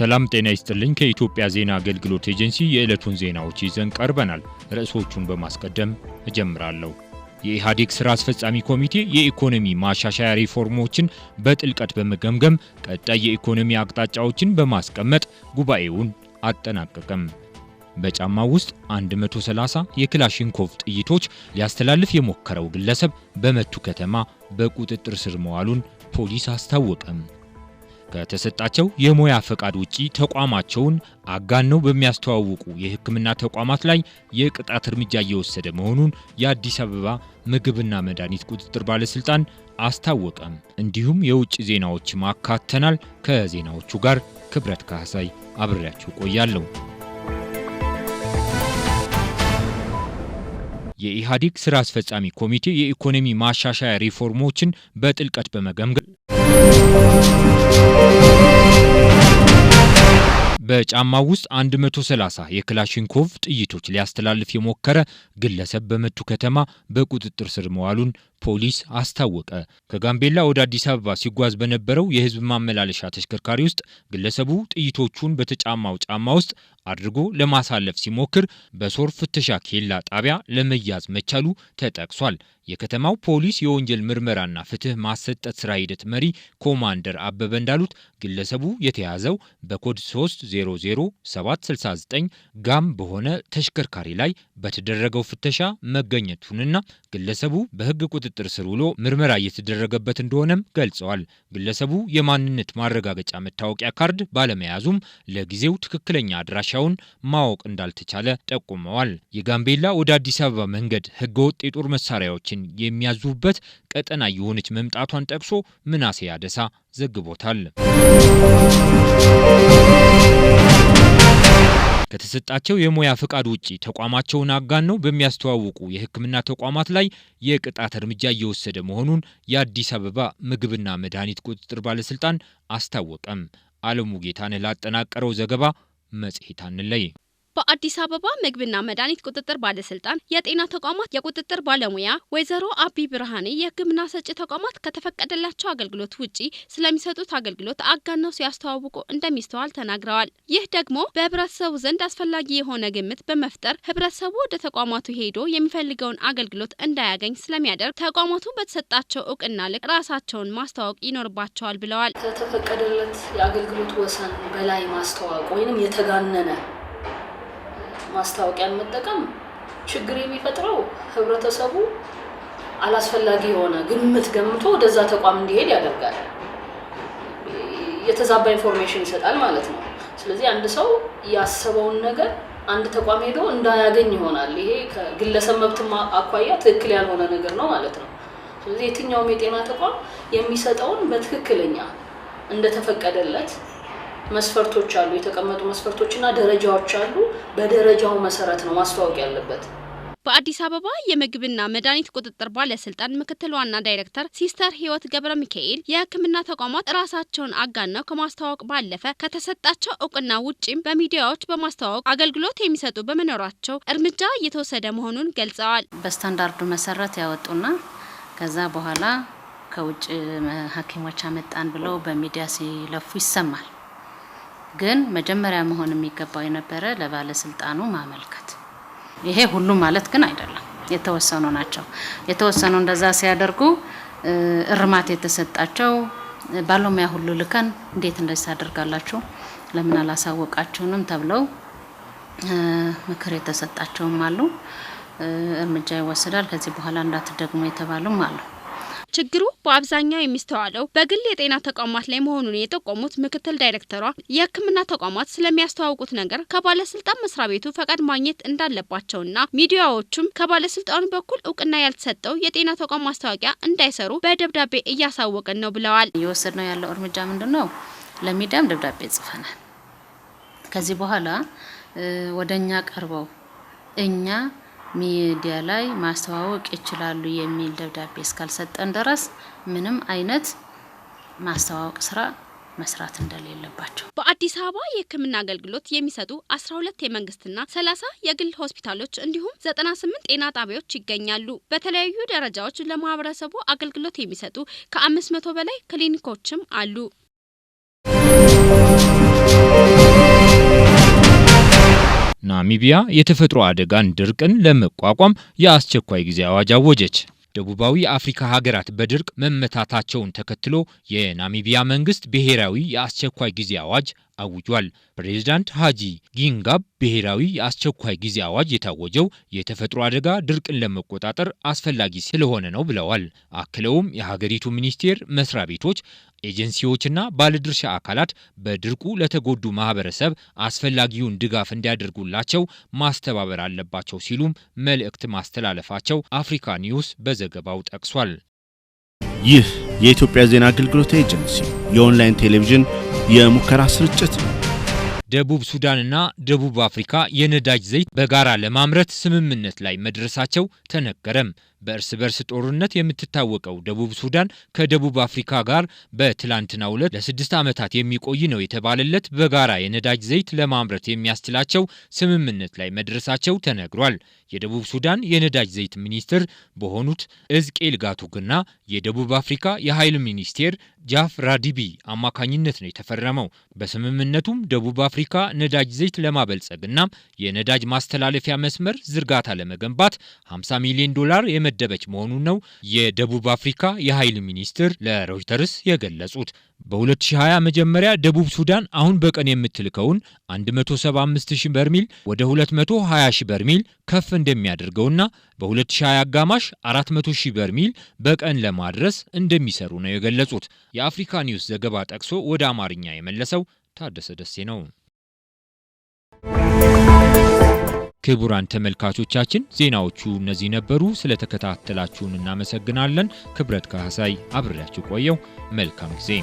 ሰላም ጤና ይስጥልኝ። ከኢትዮጵያ ዜና አገልግሎት ኤጀንሲ የዕለቱን ዜናዎች ይዘን ቀርበናል። ርዕሶቹን በማስቀደም እጀምራለሁ። የኢህአዴግ ሥራ አስፈጻሚ ኮሚቴ የኢኮኖሚ ማሻሻያ ሪፎርሞችን በጥልቀት በመገምገም ቀጣይ የኢኮኖሚ አቅጣጫዎችን በማስቀመጥ ጉባኤውን አጠናቀቀም። በጫማው ውስጥ 130 የክላሽንኮቭ ጥይቶች ሊያስተላልፍ የሞከረው ግለሰብ በመቱ ከተማ በቁጥጥር ስር መዋሉን ፖሊስ አስታወቀም። ከተሰጣቸው የሙያ ፈቃድ ውጪ ተቋማቸውን አጋነው በሚያስተዋውቁ የሕክምና ተቋማት ላይ የቅጣት እርምጃ እየወሰደ መሆኑን የአዲስ አበባ ምግብና መድኃኒት ቁጥጥር ባለስልጣን አስታወቀም። እንዲሁም የውጭ ዜናዎችም አካተናል። ከዜናዎቹ ጋር ክብረት ካህሳይ አብሬያችሁ ቆያለሁ። የኢህአዴግ ስራ አስፈጻሚ ኮሚቴ የኢኮኖሚ ማሻሻያ ሪፎርሞችን በጥልቀት በመገምገም በጫማው ውስጥ 130 የክላሽንኮቭ ጥይቶች ሊያስተላልፍ የሞከረ ግለሰብ በመቱ ከተማ በቁጥጥር ስር መዋሉን ፖሊስ አስታወቀ። ከጋምቤላ ወደ አዲስ አበባ ሲጓዝ በነበረው የህዝብ ማመላለሻ ተሽከርካሪ ውስጥ ግለሰቡ ጥይቶቹን በተጫማው ጫማ ውስጥ አድርጎ ለማሳለፍ ሲሞክር በሶር ፍተሻ ኬላ ጣቢያ ለመያዝ መቻሉ ተጠቅሷል። የከተማው ፖሊስ የወንጀል ምርመራና ፍትህ ማሰጠት ስራ ሂደት መሪ ኮማንደር አበበ እንዳሉት ግለሰቡ የተያዘው በኮድ 300769 ጋም በሆነ ተሽከርካሪ ላይ በተደረገው ፍተሻ መገኘቱንና ግለሰቡ በህግ ቁጥጥር በቁጥጥር ስር ውሎ ምርመራ እየተደረገበት እንደሆነም ገልጸዋል። ግለሰቡ የማንነት ማረጋገጫ መታወቂያ ካርድ ባለመያዙም ለጊዜው ትክክለኛ አድራሻውን ማወቅ እንዳልተቻለ ጠቁመዋል። የጋምቤላ ወደ አዲስ አበባ መንገድ ህገወጥ የጦር መሳሪያዎችን የሚያዙበት ቀጠና የሆነች መምጣቷን ጠቅሶ ምናሴ ያደሳ ዘግቦታል። ከተሰጣቸው የሙያ ፈቃድ ውጪ ተቋማቸውን አጋነው በሚያስተዋውቁ የሕክምና ተቋማት ላይ የቅጣት እርምጃ እየወሰደ መሆኑን የአዲስ አበባ ምግብና መድኃኒት ቁጥጥር ባለስልጣን አስታወቀም። አለሙ ጌታን ላጠናቀረው ዘገባ መጽሔት አንለይ በአዲስ አበባ ምግብና መድኃኒት ቁጥጥር ባለስልጣን የጤና ተቋማት የቁጥጥር ባለሙያ ወይዘሮ አቢ ብርሃኔ የሕክምና ሰጪ ተቋማት ከተፈቀደላቸው አገልግሎት ውጪ ስለሚሰጡት አገልግሎት አጋነው ሲያስተዋውቁ እንደሚስተዋል ተናግረዋል። ይህ ደግሞ በህብረተሰቡ ዘንድ አስፈላጊ የሆነ ግምት በመፍጠር ህብረተሰቡ ወደ ተቋማቱ ሄዶ የሚፈልገውን አገልግሎት እንዳያገኝ ስለሚያደርግ ተቋማቱ በተሰጣቸው እውቅና ልክ ራሳቸውን ማስተዋወቅ ይኖርባቸዋል ብለዋል። ከተፈቀደለት የአገልግሎት ወሰን በላይ ማስተዋወቅ ወይም የተጋነነ ማስታወቂያን መጠቀም ችግር የሚፈጥረው ህብረተሰቡ አላስፈላጊ የሆነ ግምት ገምቶ ወደዛ ተቋም እንዲሄድ ያደርጋል። የተዛባ ኢንፎርሜሽን ይሰጣል ማለት ነው። ስለዚህ አንድ ሰው ያሰበውን ነገር አንድ ተቋም ሄዶ እንዳያገኝ ይሆናል። ይሄ ከግለሰብ መብት አኳያ ትክክል ያልሆነ ነገር ነው ማለት ነው። ስለዚህ የትኛውም የጤና ተቋም የሚሰጠውን በትክክለኛ እንደተፈቀደለት መስፈርቶች አሉ፣ የተቀመጡ መስፈርቶች እና ደረጃዎች አሉ። በደረጃው መሰረት ነው ማስተዋወቅ ያለበት። በአዲስ አበባ የምግብና መድኃኒት ቁጥጥር ባለስልጣን ምክትል ዋና ዳይሬክተር ሲስተር ህይወት ገብረ ሚካኤል የሕክምና ተቋማት ራሳቸውን አጋነው ከማስተዋወቅ ባለፈ ከተሰጣቸው እውቅና ውጪም በሚዲያዎች በማስተዋወቅ አገልግሎት የሚሰጡ በመኖራቸው እርምጃ እየተወሰደ መሆኑን ገልጸዋል። በስታንዳርዱ መሰረት ያወጡና ከዛ በኋላ ከውጭ ሐኪሞች አመጣን ብለው በሚዲያ ሲለፉ ይሰማል። ግን መጀመሪያ መሆን የሚገባው የነበረ ለባለስልጣኑ ማመልከት። ይሄ ሁሉም ማለት ግን አይደለም፣ የተወሰኑ ናቸው። የተወሰኑ እንደዛ ሲያደርጉ እርማት የተሰጣቸው ባለሙያ ሁሉ ልከን እንዴት እንደዚህ ታደርጋላችሁ ለምን አላሳወቃችሁንም ተብለው ምክር የተሰጣቸውም አሉ። እርምጃ ይወስዳል ከዚህ በኋላ እንዳትደግሙ የተባሉም አሉ። ችግሩ በአብዛኛው የሚስተዋለው በግል የጤና ተቋማት ላይ መሆኑን የጠቆሙት ምክትል ዳይሬክተሯ የሕክምና ተቋማት ስለሚያስተዋውቁት ነገር ከባለስልጣን መስሪያ ቤቱ ፈቃድ ማግኘት እንዳለባቸውና ሚዲያዎቹም ከባለስልጣኑ በኩል እውቅና ያልተሰጠው የጤና ተቋም ማስታወቂያ እንዳይሰሩ በደብዳቤ እያሳወቅን ነው ብለዋል። ነው ያለው እርምጃ ምንድን ነው? ለሚዲያም ደብዳቤ ጽፈናል። ከዚህ በኋላ ወደ እኛ ቀርበው እኛ ሚዲያ ላይ ማስተዋወቅ ይችላሉ የሚል ደብዳቤ እስካልሰጠን ድረስ ምንም አይነት ማስተዋወቅ ስራ መስራት እንደሌለባቸው በአዲስ አበባ የሕክምና አገልግሎት የሚሰጡ 12 የመንግስትና 30 የግል ሆስፒታሎች እንዲሁም 98 ጤና ጣቢያዎች ይገኛሉ። በተለያዩ ደረጃዎች ለማህበረሰቡ አገልግሎት የሚሰጡ ከ500 በላይ ክሊኒኮችም አሉ። ናሚቢያ የተፈጥሮ አደጋን፣ ድርቅን ለመቋቋም የአስቸኳይ ጊዜ አዋጅ አወጀች። ደቡባዊ የአፍሪካ ሀገራት በድርቅ መመታታቸውን ተከትሎ የናሚቢያ መንግስት ብሔራዊ የአስቸኳይ ጊዜ አዋጅ አውጇል። ፕሬዚዳንት ሃጂ ጊንጋብ ብሔራዊ የአስቸኳይ ጊዜ አዋጅ የታወጀው የተፈጥሮ አደጋ ድርቅን ለመቆጣጠር አስፈላጊ ስለሆነ ነው ብለዋል። አክለውም የሀገሪቱ ሚኒስቴር መስሪያ ቤቶች ኤጀንሲዎችና ባለድርሻ አካላት በድርቁ ለተጎዱ ማህበረሰብ አስፈላጊውን ድጋፍ እንዲያደርጉላቸው ማስተባበር አለባቸው ሲሉም መልእክት ማስተላለፋቸው አፍሪካ ኒውስ በዘገባው ጠቅሷል። ይህ የኢትዮጵያ ዜና አገልግሎት ኤጀንሲ የኦንላይን ቴሌቪዥን የሙከራ ስርጭት ነው። ደቡብ ሱዳንና ደቡብ አፍሪካ የነዳጅ ዘይት በጋራ ለማምረት ስምምነት ላይ መድረሳቸው ተነገረም። በእርስ በርስ ጦርነት የምትታወቀው ደቡብ ሱዳን ከደቡብ አፍሪካ ጋር በትላንትናው ዕለት ለስድስት ዓመታት የሚቆይ ነው የተባለለት በጋራ የነዳጅ ዘይት ለማምረት የሚያስችላቸው ስምምነት ላይ መድረሳቸው ተነግሯል። የደቡብ ሱዳን የነዳጅ ዘይት ሚኒስትር በሆኑት እዝቄል ጋቱግና የደቡብ አፍሪካ የኃይል ሚኒስቴር ጃፍ ራዲቢ አማካኝነት ነው የተፈረመው። በስምምነቱም ደቡብ አፍሪካ ነዳጅ ዘይት ለማበልጸግና የነዳጅ ማስተላለፊያ መስመር ዝርጋታ ለመገንባት 50 ሚሊዮን ዶላር የመ የተመደበች መሆኑን ነው የደቡብ አፍሪካ የኃይል ሚኒስትር ለሮይተርስ የገለጹት። በ2020 መጀመሪያ ደቡብ ሱዳን አሁን በቀን የምትልከውን 175000 በርሚል ወደ 220000 በርሚል ከፍ እንደሚያደርገውና በ2020 አጋማሽ 400000 በርሚል በቀን ለማድረስ እንደሚሰሩ ነው የገለጹት። የአፍሪካ ኒውስ ዘገባ ጠቅሶ ወደ አማርኛ የመለሰው ታደሰ ደሴ ነው። ክቡራን ተመልካቾቻችን ዜናዎቹ እነዚህ ነበሩ። ስለተከታተላችሁን እናመሰግናለን። ክብረት ካህሳይ አብሬያችሁ ቆየው። መልካም ጊዜ